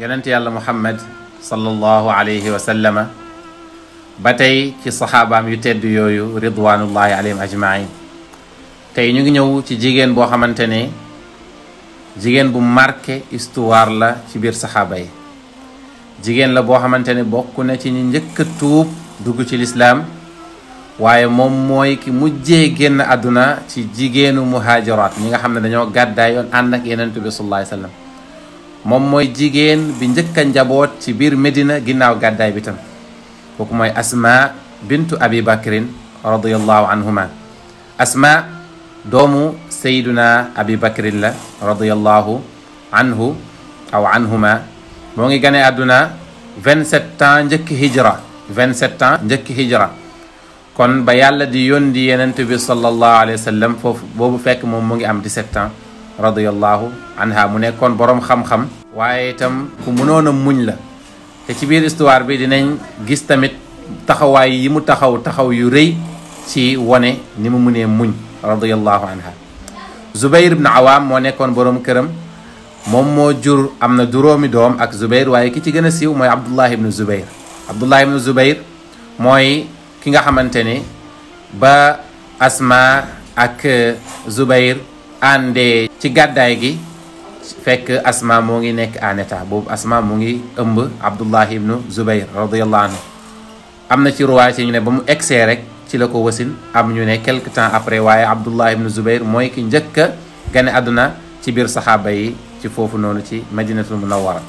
يا الله محمد صلى الله عليه وسلم باتي كي صحابه ام يتد يويو رضوان الله عليهم اجمعين تاي نيغي نيو تي جيغن بو خامتاني جيغن بو ماركي استوار لا تي بير صحابه يي جيغن لا بو خامتاني تي ني نيك توب تي الاسلام waye mom moy ki mujjé genn aduna ci jigéenu muhajirat ñi nga xamné dañoo gadda yon and ak yenenbi sallallahu alayhi mom moy jigen bi njëkk a ci bir Medina ginnaw gaday bi tam kooku mooy Asma bint Abi bakr radhiyallahu anhuma Asma domu Sayyiduna Abi bakr la radhiyallahu anhu aw anhuma mo ngi gane aduna 27 ans njëkk hijra 27 ans njëkk hijra kon ba yàlla di yondi yenent bi sallallahu alayhi wasallam fofu bobu boobu fekk moom mu ngi am 17 ans radiyallahu anha mu nekkoon borom xam-xam waaye itam ku mënoon a muñ la te ci biir histoire bi dinañ gis tamit taxawaay yi mu taxaw taxaw yu rëy ci wone ni mu mënee muñ radiyallahu anha Zubair ibn Awam moo nekkoon borom këram moom moo jur am na juróomi doom ak Zubair waaye ki ci gën a siiw mooy Abdullah ibn Zubair Abdullah ibn Zubair mooy ki nga xamante ne ba Asma ak Zubair àndee ci gàddaay gi fekk asma moo ngi nekk en état boobu asma mu ngi ëmb abdullah ibnu zubayr radiallahu anhu am na ci ruwaay ci ñu ne ba mu egsee rek ci la ko wasin am ñu ne quelque temps après waaye abdullah ibnu zubayr mooy ki njëkk a gane àdduna ci biir saxaaba yi ci foofu noonu ci madinatul munawara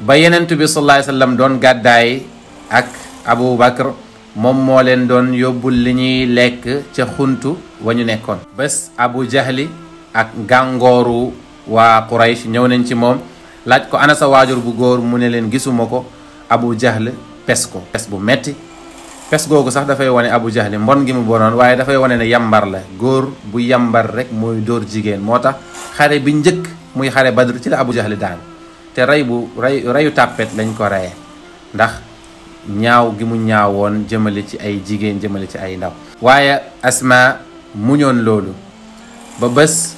ba yenentu bi sallallahu alayhi doon gàddaay ak abou bakr moom moo leen doon yóbbul li ñuy lekk ca xuntu wa ñu nekkoon bés abu jahli ak gàngooru waa quraysh ñëw nañ ci moom laaj ko ana sa waajur bu góor mu ne leen gisuma ko abu jahl pes ko pes bu metti pes googu sax dafay wone abu jahli mbon gi mu bonoon waaye dafay wane ne yambar la góor bu yambar rek mooy dóor jigéen moo tax xare bi njëkk muy xare badru ci la abu jahli daan te rey bu rey reyu tàppet lañ ko reye ndax ñaaw gi mu ñaawoon jëmale ci ay jigéen jëmale ci ay ndaw waaye asma mu muñoon loolu ba bës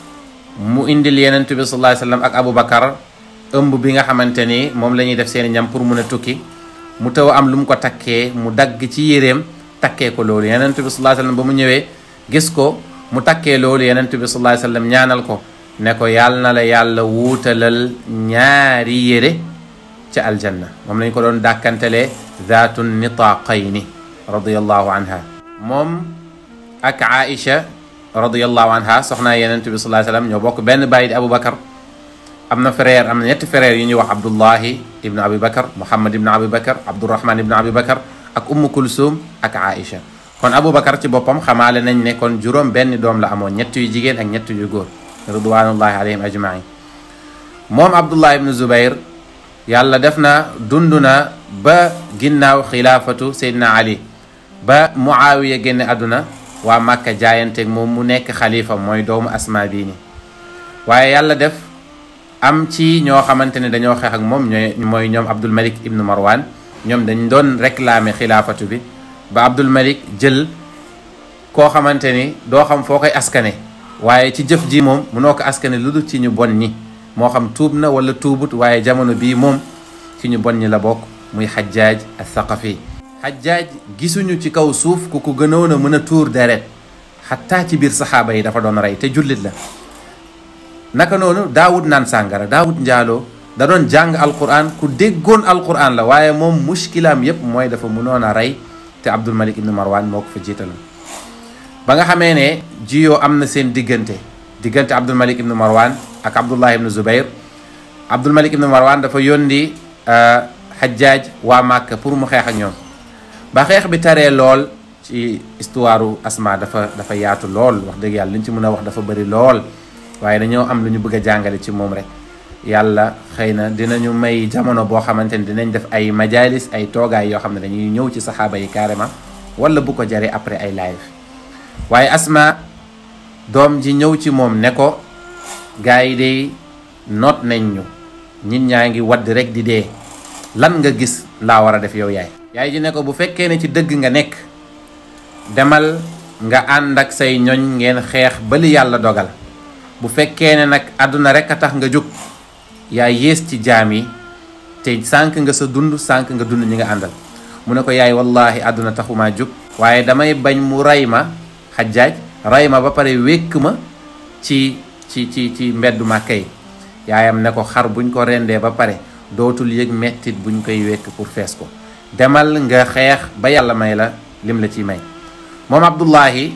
mu indil yeneen bi sallallahu alayhi wasallam ak aboubacar ëmb bi nga xamante ni moom la def seeni ñam pour mun a tukki mu taw am lu mu ko takkee mu dagg ci yéreem takkee ko loolu yenentu bi sallallahu alayhi wasallam ba mu ñëwee gis ko mu takkee loolu yeneen bi sallallahu alayhi wasallam ñaanal ko ne ko yàlla na la yàlla wuutalal ñaari yére ca aljanna moom lañ ko doon dàkkantelee ذات النطاقين رضي الله عنها مم اك عائشة رضي الله عنها صحنا يا صلى الله عليه وسلم يبوك بين بايد ابو بكر امنا فرير امنا يت فرير ينيو عبد الله ابن ابي بكر محمد ابن ابي بكر عبد الرحمن ابن ابي بكر اك ام كلثوم اك عائشة كون ابو بكر تبقى بوبام خمال نني كون جروم بن دوم لا امون نيت يو جيجين اك نيت يو غور رضوان الله عليهم اجمعين موم عبد الله ابن زبير يالا دفنا دوندنا با جناو xilaafatu Seydina Ali ba Muawiya génne àdduna waa Màkka jaayanteeg moom mu nekk khalifa mooy doomu Asmaa bii ni waaye yàlla def am ci ñoo xamante ne dañoo ak moom ñooy mooy ñoom Abdul Malik ibnu Marwan ñoom dañ doon réclamer xilaafatu bi ba Abdul Malik jël koo xamante ni xam foo askane waaye ci jëf ji moom munoo ko askane lu dul ci ñu bon ñi moo xam tuub na wala tuubut waaye jamono bii moom ci ñu bon ñi la bokk muy xajjaaj athaqafi xajjaaj gisuñu ci kaw suuf ku ko gënoon a mën a tuur deret xattaa ci biir saxaaba yi dafa doon rey te jullit la naka noonu daawud naan sàngara daawud njaaloo da doon jàng alquran ku déggoon alquran la waaye moom mushkilaam yépp mooy dafa mënoon a rey te abdul malik ibnu marwan moo ko fa jiital ba nga xamee ne jiyoo am na seen diggante diggante abdul malik ibnu marwan ak abdullah ibnu zubair abdul malik ibnu marwan dafa euh, xajjaaj waa Màkka pour mu xeex ak ñoom ba xeex bi taree lool ci histoire asma dafa dafa yaatu lool wax dëgg yàlla li ñu ci mën a wax dafa bëri lool waaye dañoo am lu bëgg a jàngale ci moom rek yàlla xëy dinañu may jamono boo xamante dinañ def ay majalis ay toogaay yoo xam ne dañuy ñëw ci saxaaba yi carrément wala bu ko jaree après ay live waaye asma dom ji ñëw ci moom ne ko gars yi day nañ ñu nit ñaa ngi rek di dee lan nga gis laa war a def yow yaay yaay ji ne ko bu fekkee ne ci dëgg nga nekk demal nga ànd ak say ñoñ ngeen xeex bali yàlla dogal bu fekkee ne nag àdduna rek a tax nga jóg yaay yées ci jaam yi te sànq nga sa dund sànq nga dund ñi nga àndal mu ne ko yaay wallahi àdduna taxumaa jóg waaye damay bañ mu ray ma xajaaj ray ma ba pare wékk ma ci ci ci ci mbeddu màkka yi yaayam ne ko xar buñ ko rendee ba pare dootul yëg mettit buñ koy wekk pour fees ko demal nga xeex ba yàlla may la lim la ciy may moom abdullahi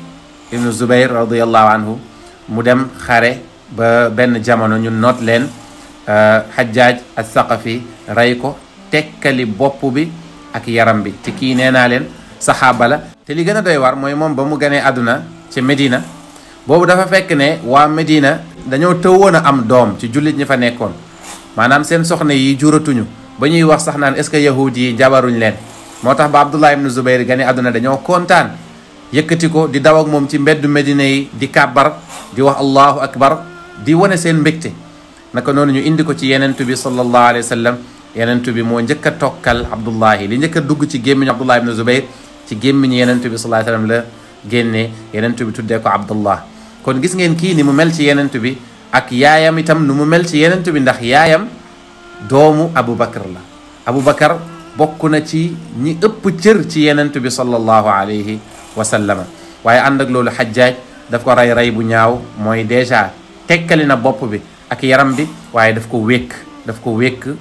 ibnu zubair radiallahu anhu mu dem xare ba benn jamono ñu noot leen xajjaaj al saqafi rey ko tekkali bopp bi ak yaram bi te kii nee naa leen saxaaba la te li gën a doy war mooy moom ba mu ganee àdduna ci Medina boobu dafa fekk ne waa Medina dañoo tëwoon a am doom ci jullit ñi fa nekkoon maanaam seen soxna yi juratuñu ba ñuy wax sax naan est ce que yahud yi jabaruñ leen moo tax ba abdullah ibnu zubayr gane àdduna dañoo kontaan yëkkati ko di daw ak moom ci mbeddu medina yi di kàbbar di wax allahu akbar di wane seen mbégte naka noonu ñu indi ko ci yenentu tubi sallallahu alayhi wa sallam yenentu bi moo njëkk a tokkal abdullahi li njëkk dugg ci gémmiñu abdullah ibnu zubayr ci gémmiñu yenen bi sallallahu alayhi wa la génnee yenentu bi tuddee ko abdullah kon gis ngeen kii ni mu mel ci yenentu bi ak yaayam itam nu mu mel ci yenent bi ndax yaayam doomu Aboubacar la Aboubacar bokk na ci ñi ëpp cër ci yenent bi sallallahu alayhi wa sallama waaye ànd ak loolu xajjaaj daf ko ray rey bu ñaaw mooy dèjà tekkali na bopp bi ak yaram bi waaye daf ko wékk daf ko wékk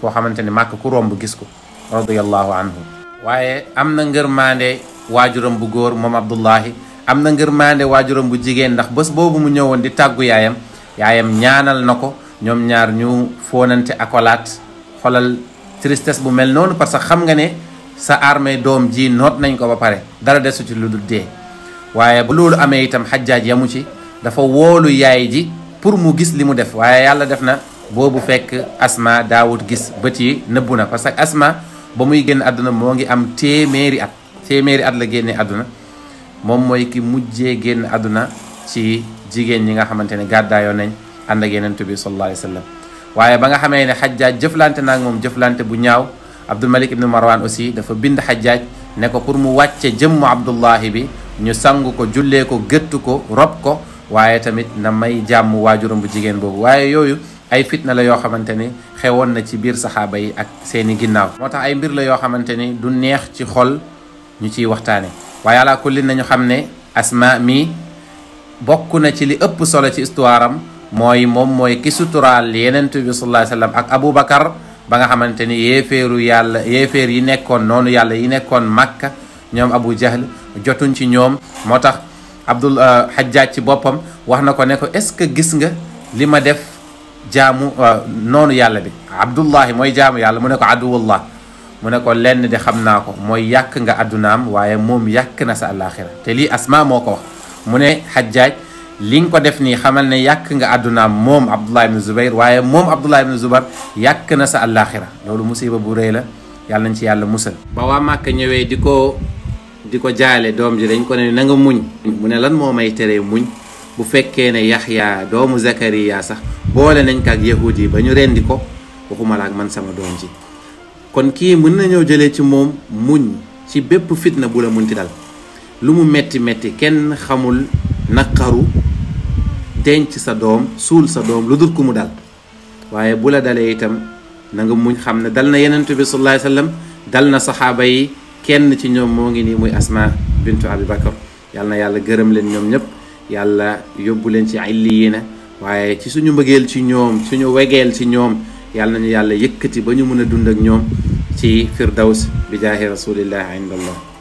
koo xamante ne màkk ku romb gis ko radiyallahu anhu waaye am na ngërmaande waajuram bu góor moom Abdullahi am na ngërmaande waajuram bu jigéen ndax bés boobu mu ñëwoon di tàggu yaayam yaayam ñaanal na ko ñoom ñaar ñu foonante akolaat xolal tristesse bu mel noonu parce que xam nga ne sa armée doom ji noot nañ ko ba pare dara desu ci lu dul dee waaye bu loolu amee itam xajjaaj yamu ci dafa woolu yaay ji pour mu gis li mu def waaye yàlla def na boobu fekk asma daawut gis bët yi nëbbu na parce que asma ba muy génn àdduna moo ngi am téeméeri at téeméeri at la génnee àdduna moom mooy ki mujjee génn àdduna ci jigéen ñi nga xamante ne gàddaayoon nañ ànd ak yenent bi sallallahu waaye ba nga xamee ne xajjaaj jëflante naag moom jëflante bu ñaaw abdul malik ibnu marwan aussi dafa bind xajjaaj ne ko pour mu wàcce jëmmu abdullahi bi ñu sangu ko jullee ko gëttu ko rob ko waaye tamit na may jàmm waajuram bu jigéen boobu waaye yooyu ay fitna la yoo xamante ni xewoon na ci biir saxaaba yi ak seeni ginnaaw moo tax ay mbir la yoo xamante ni du neex ci xol ñu ciy waxtaane bokk na ci li ëpp solo ci histoire am mooy moom mooy ki suturaal yenent bi sallallahu alayhi wa sallam ak ba nga xamante ni yéeféeru yàlla yéeféer yi nekkoon noonu yàlla yi nekkoon Makka ñoom Abu Jahl jotuñ ci ñoom moo tax Abdul euh, Hajjaaj ci boppam wax na ko ne ko est-ce que gis nga li ma def jaamu euh, noonu yàlla bi Abdullahi mooy jaamu yàlla mu ne ko aduwullah mu ne ko lenn de xam naa ko mooy yàq nga addunaam waaye moom yàq na sa àllaaxira te lii asma moo ko wax mu ne xajjaaj li nga ko def nii xamal ne yàq nga àddunaam moom abdullah ibn zubair waaye moom abdullah ibn zubair yàq na sa àllaaxira loolu musiba bu rëy la yàlla nañ ci yàlla musal ba waa màkk ñëwee di ko di ko jaale doom ji dañ ko ne na muñ mu ne lan moo may tere muñ bu fekkee ne yaxya doomu zakariya sax boole nañ ko ak yahud yi ba ñu rendi ko waxuma la ak man sama doom ji kon kii mën na nañoo jëlee ci moom muñ ci bépp fitna bula la munti dal lumu metti metti kenn xamul nakaru denc sa dom sul sa dom ludur dul ku mu dal waye bu la dalee itam na nga muñ xamne dal na yenent sallallahu alayhi wasallam dal na sahaba yi kenn ci ñom mo ngi ni muy asma bintu abi bakr yàlla na yàlla gëreem leen ñom ñep yàlla yóbbu leen ci illiyiina waye ci suñu mbegel ci ñom suñu wegel ci ñom yàlla nañu yàlla yëkëti ba ñu mëna dund ak ñom ci firdaws bi jaahi rasulillah indallah